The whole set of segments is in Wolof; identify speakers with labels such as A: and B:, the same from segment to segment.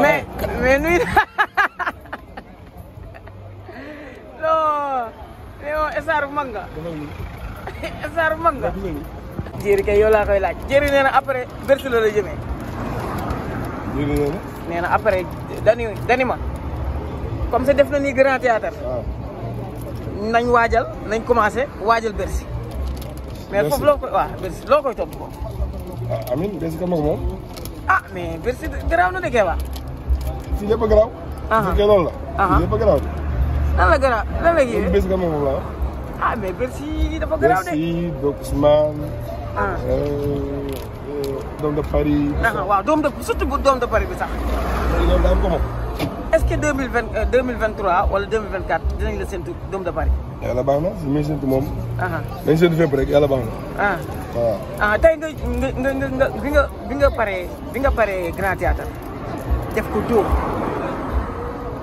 A: mais mais nuyu non non Esar mag nga. Esar mag nga. Jéeri kay yow laa koy laaj Jéeri nee na après Bercy la la jëmee. Jéeri nee na. nee na après dani dani ma def na ni grand théâtre. Ah. nañ waajal nañ commencé waajal Bercy. mais foofu loo koy waaw Bercy loo koy topp ah,
B: ko. ka mag moom.
A: ah mais Bercy garaaw na de Kéba.
B: fii yëpp a garaaw. bu fekkee loolu la. fii yëpp a garaaw de.
A: lan la garaaw lan la yéen
B: bés nga moom la
A: ah mais Bercy dafa garaaw de. Bercy
B: donc Ousmane. Ah. Euh, euh, Doom de Paris. waaw
A: Doom de surtout bu Doom de Paris bi sax. loolu daal ko moom. est-ce que deux mille vingt euh, deux mille vingt trois wala deux mille vingt quatre dinañ la séntu Dôme de Paris.
B: yàlla baax na su ma séntu moom. nañ séntu fépp rek yàlla baax na. Ah. waaw
A: ah tey nga nga nga nga bi nga bi nga paree bi nga paree Grand Théâtre def ko Dôme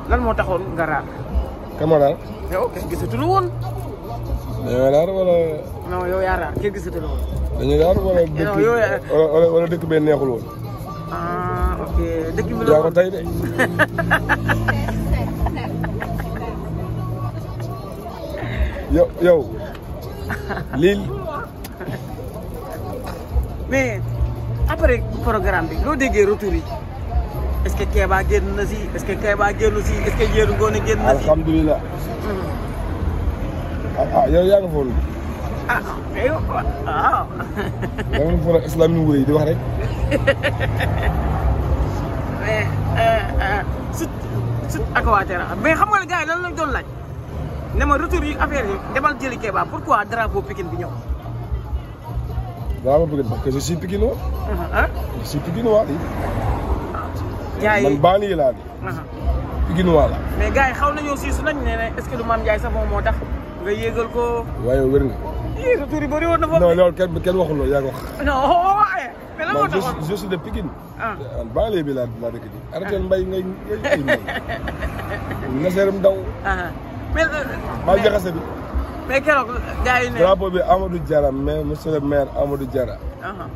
A: lan moo taxoon nga raar. kan moo raar. yow kenn gisatul woon.
B: dañoo raar wala.
A: non yow yaa raar kenn gisatul woon.
B: dañu raar wala dëkk wala dëkk bee neexul woon. Ah. ok ko tey de. yow yow lii.
A: mais après programme bi loo déggee retour yi est-ce que Kéba génn na si est-ce que Kéba génn si est-ce que Ndiéru Ngoné si. alhamdulilah.
B: yow mm-hmm. yaa ah, nga foon.
A: ah yow yaa ngi foon
B: ah, ah, ak islam nu di wax rek.
A: site euh, euh, site Aquaterra mais xam nga ne gars yi lan lañ doon laaj ne ma retour yi affaire yi demal jëli Kéba pourquoi drapeau Pikine bi ñëw.
B: drapeau Pikine parce que je suis Pikinois. Uh-huh. nu suis Pikinois yi.
A: Ah, gars yi man
B: baa nii laa di. Uh-huh. Pikinois
A: la. xaw siisu nañ ne ne est ce que du Mame Ndiaye sa moom moo tax nga yéegal ko. waaye wér nga. yéen
B: retour na foofu. non loolu kenn kenn waxul loolu yaa ko
A: wax. mais lan moo
B: je suis de Pikine. ah Baale bi laa laa dëkk ji. arrêté ah. mbay ngay ngay mbay. Naseeram
A: Daw. Ah. mais euh, maa jaxase bi. mais keroog gars ne. drapeau
B: bi Amadou Diarra mais monsieur le maire Amadou Diarra. Ah,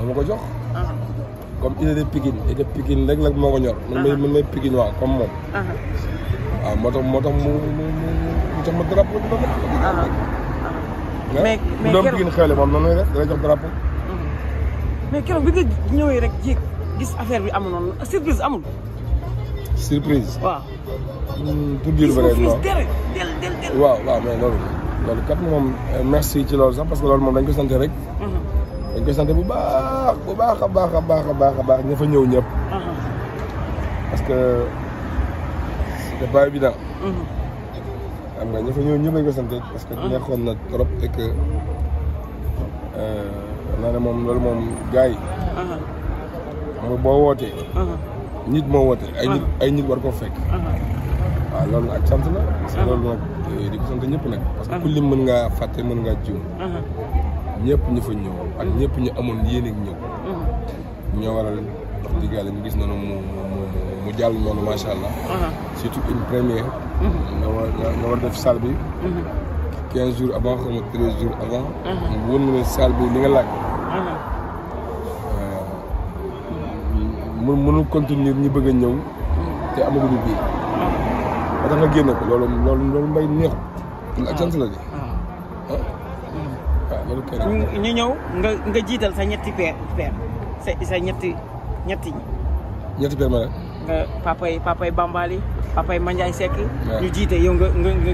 B: moo ma ko jox. comme il est de Pikine il est de Pikine rek nag moo ñor. man may man may Pikine comme mu mu mu
A: jox ma drapeau bi ba ma.
B: mais mais Pikine jox drapeau.
A: mais keroog bi nga ñëwee rek jéeg gis affaire bi amul noonu surprise amul.
B: surprise. waaw. Hmm, pour dire vrai non waaw waaw mais loolu. loolu kat mom euh, merci ci lolu sax parce que loolu mom dañ ko sant rek. Mhm. dañ ko sant bu baax bu baax a baax a baax a baax a baax ña fa ñëw ñëpp. Mhm. parce que c'était pas évident. xam mhm. nga ña fa ñëw ñëpp dañ ko sant parce que xon na trop et que. Euh, nana mom lol mom gay gars
A: uh-huh.
B: mo bo boo wootee. Uh-huh. nit mo woote. ay nit uh-huh. ay nit war koo fekk. wa lol ak sant la. lol nag eh, di ko sant ñëpp nak parce que kulim mën nga faté mën ngaa jiw. ñëpp ñu fa ñew ak ñëpp ñu amon yene ak ñëw. ñoo waral wax dëgg ñu gis mo mu mu jàll noonu macha allah. surtout une première. na war war def salle bi. 15 jours avant comme 13 jours avant. mu won ma ne salle bi li nga laaj. mun mënul continuer ñi bëgg a ñëw. te amaguñu bii. ba tax nga génne ko loolu loolu loolu mbay neexut.
A: waaw ak sant la de. waaw
B: loolu kay. ñu
A: ñëw nga nga jiital sa ñetti peer peer sa ñetti ñetti ñetti peer ma nga papay papay Bambali papay Mandiaye Seck. ñu jiite yow nga nga nga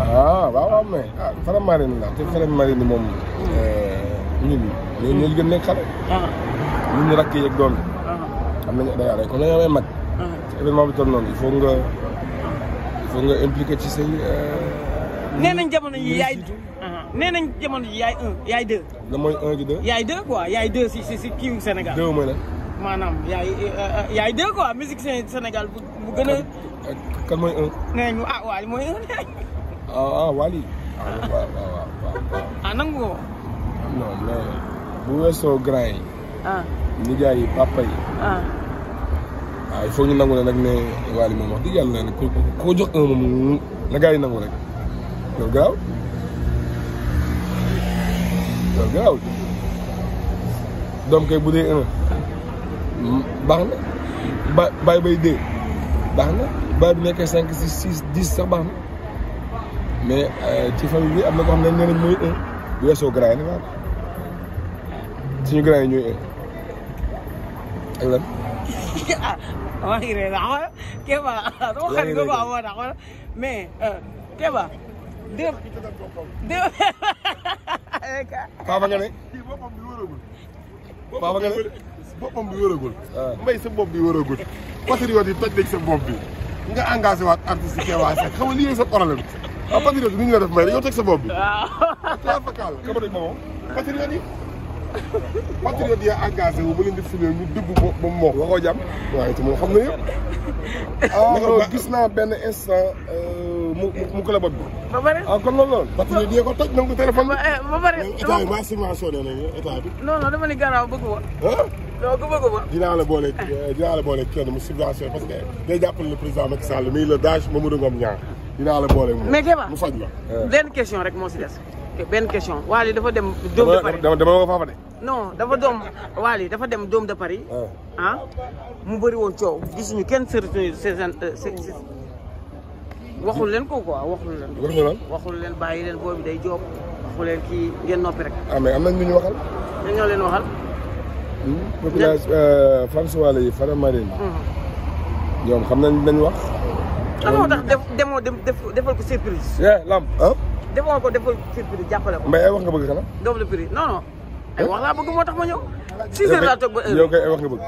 B: ah waaw waaw mais ah Fara Marine la te Fara Marine moom
A: euh,
B: ñun ñoo ñoo gën nekk xale. Ah. ñun ñu rakk yeeg doom yi. Ah. am nañu mag. Ah. événement bi nga il
A: faut nga impliqué ci say. Euh,
B: nee nañ jamono yi yaay.
A: nañ jamono ji yaay un yaay deux. la mooy un gi deux. yaay deux quoi yaay deux si si si kii Sénégal. deux mooy lan. maanaam yaay euh, yaay deux quoi a. kan mooy un. nee ah waaye mooy un.
B: ah Wally. waaw waaw
A: waaw waaw. ah nangu ko.
B: non mais bu weesoo grand yi. ah nijaay ah. waaw ñu nangu nag ne Wally moom wax yàlla ne ko jox moom na gars yi nangu rek loolu garaaw loolu garaaw doom kay bu dee baax na ba bay dee baax na bay bu nekkee cinq six six dix sax baax mais euh, ci famille bi am na ko xam ne nee nañ mooy un bu weesoo grand yi nag waaw suñu grand yi ñooy un ak lan.
A: ah maa ngi rey la Kéba sama euh, xarit nga ko amoon na xool mais Kéba. ba ba nga ne. boppam bi wërëgul.
B: waaw mbay sa bopp bi wërëgul. patriote yi toj nañ sa bopp bi nga engagé waat artiste Kéba Seck xam nga lii sa problème. waaw patriote bi ni ñu la may yow teg sa bopp bi. waaw ca Fakal kaba dëgg moom patriote yi. patriote yi engagé wu ba leen si filé ñu dugg ba ba mu wax waaye te moom xam na ah, gis naa benn instant euh, mu mu ko la bi. ba pare ah kon loolu loolu. patriote yi ko toj na nga ko téléphone. ba eh, ba pare état bi maa subventionné nañu état
A: bi. non non dama ni garaaw bëgg ma. non dinaa
B: la boole euh, dinaa la boole kenn mu subventionné parce que day jàppale le président Macky Sall mii la daaj Mamadou Ngom dinaa la boole moom mais Kéba mu
A: benn question rek moo si des. benn question Wally dafa dem. doom de Paris dama dama faafa de. non dafa doom Wally dafa dem doom de Paris. Ah. ah mu bëri woon coow gisuñu kenn sëriñu seen waxul leen ko quoi waxul leen. waxul leen bàyyi leen boobu day joob waxul leen kii ngeen noppi rek.
B: ah am nañ lu ñu waxal.
A: ñoo ñoo leen waxal.
B: Hmm? population euh, François Laye Fara Marine.
A: Hmm.
B: ñoom xam nañ lañ wax. lan moo tax
A: def demoo defal ko surprise. eh Lam ah. demoo ko defal surprise jàppale ko. mbay wax nga bëgg xanaa. double prix non non. ay wax laa bëgg moo tax ma ñëw. Eh, six heures laa toog ba wax nga bëgg.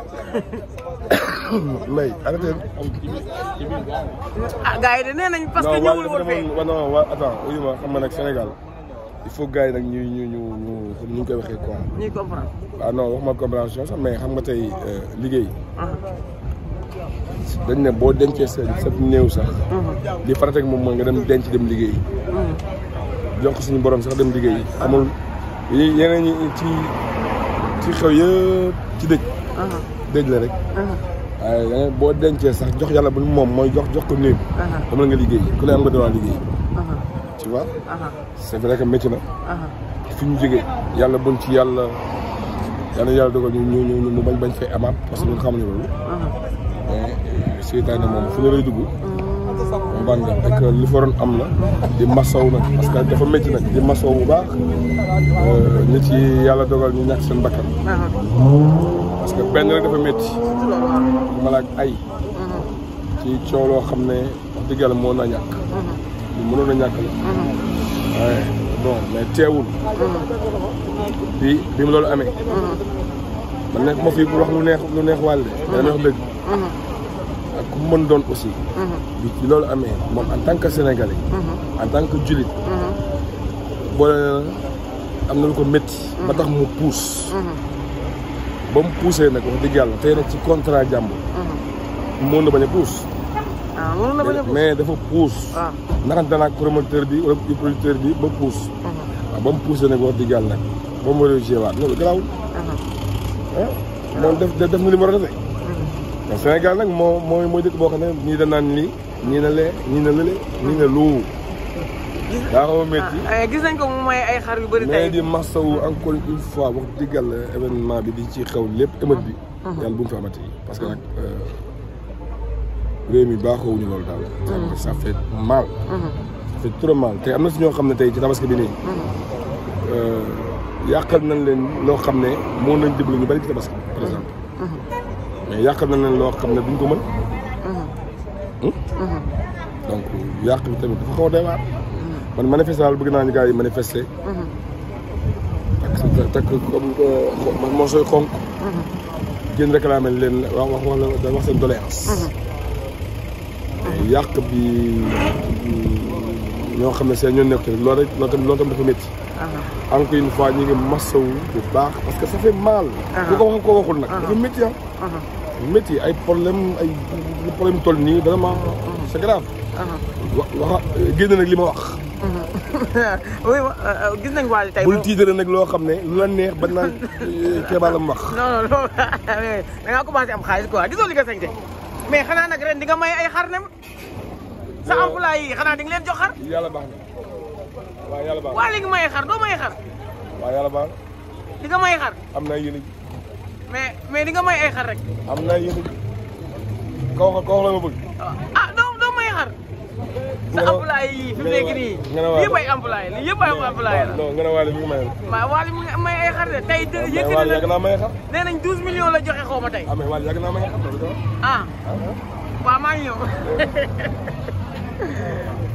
B: Mbaye arrêté.
A: ah gars de nee nañ parce que ñëwul woon fee
B: non non waa ma xam nga nag Sénégal. il faut gars yi nag ñu ñu ñu ñu ñu ngi koy waxee quoi. ñuy comprendre. ah non waxuma compréhension sax mais xam nga tey euh, liggéey. Ah. dañ ne boo dencee sa sa néew sax. li mhm. farata ak moom mooy nga dem denc dem liggéey.
A: Mhm.
B: jox ko suñu borom sax dem liggéey amul yeneen ñi ci ci xew yëpp ci dëj. Mhm. dëj la rek. waaye boo dencee sax jox yàlla bu moom mooy jox jox ko néew. dama la nga liggéey ku ne am nga droit liggéey. tu vois. que métti na. fi ñu jógee yàlla buñ ci yàlla yàlla yàlla dogal ñu ñu ñu bañ bañ fee amaat parce que ñun xam ne loolu. mais seytaane moom fu ne lay dugg. mbaa nga fekk li faroon am la di masaw nag parce que dafa métti nag di masaw bu baax ñi euh, ci yàlla dogal ñu ñàkk seen bakkan parce que benn rek dafa métti malaak ay ci coow loo xam ne wax dëgg yàlla moo na ñàkk lu mënoon a ñàkk la waaye bon mais teewul bi bi mu loolu amee man nekk ma fii bu wax lu neex lu neex wàlle dana wax dëgg
A: Mm-hmm.
B: ak ku mën doon aussi
A: mm-hmm.
B: loolu amee moom en tant que sénégalais mm-hmm. en tant que julit boole am na lu ko métti ba tax mu puus ba mu puusee nag wax dëgg yàlla tey nag ci contrat jàmbur mën na ah, bañ a puus mais dafa puus ah. naxante naag promoteur bi wala producteur bi ba puus ba mu puusee nag wax dëgg yàlla nag ba mu réussir waat loolu garaaw moom ah. def def na li mu war Sénégal nag moo mooy mooy dëkk boo xam ne nii da naan lii ñii na lee ñii na lële ñii na loo. daa xaw ah,
A: eh, gis nañ ko mu may ay xar yu bëri tey di
B: masawu encore une fois wax diggal événement bi di ci xew lépp émeute bi. Mhm. yàlla bu mu fi amati parce que nag euh, réew mi baaxoowuñu loolu daal. Mhm. ça fait mal. Mhm. te am na si ñoo xam ne tey ci tabaski bi nii. Euh, yàqal nañ leen loo xam ne moo nañ déglu ñu bëri ci par exemple. mais yàqal na leen loo xam ne duñ ko mën.
A: Mm-hmm. Hmm? Mm-hmm.
B: donc yàq bi tamit dafa xaw a doy waar. Mm-hmm. man manifester daal bëgg naa ñu gars yi manifester. takk takk comme man moo sooy xonk. génn réclamer leen wax wax wax seen doléance. yàq bi ñoo xam ne seen ñoo nekk lool rek loolu tamit dafa métti. Uh-huh. encore une fois ñu ngi masawu bu baax parce que ça fait mal. Uh-huh. ko wax ko waxul nag. Uh-huh. dafa métti ah. métti ay problème ay problème toll nii vraiment c'est grave. wa wax génn li ma wax. oui euh, euh, gis nañu Wally tey. bul tiitale nag loo xam ne lu la neex ba naan eh, Kéba la mu wax.
A: non non non da ngaa commencé am xaalis quoi gisoo li nga sañte mais xanaa nag ren di nga may ay xar nem sa a yi xanaa di nga leen jox xar. yàlla baax na. waaw yàlla baax waa léegi may xar doo may xar. waaw yàlla baax di nga may xar. am na yéen mais mais di nga may ay xar rek.
B: am na yéen kaw xa kaw la ma bëgg.
A: ah, ah doo doo xar. sa employé yi fi mu nii. yëpp ay employé la yëpp ay employé la.
B: non nga ne waale mi ngi may xar.
A: waaw waale mi ngi may ay xar de tey. Ah, yëkkati na yàgg naa may xar. nee nañ 12 millions la joxe xaw ma tey. ah mais waale yàgg naa may xar. ah, ah. maa ngi ñëw.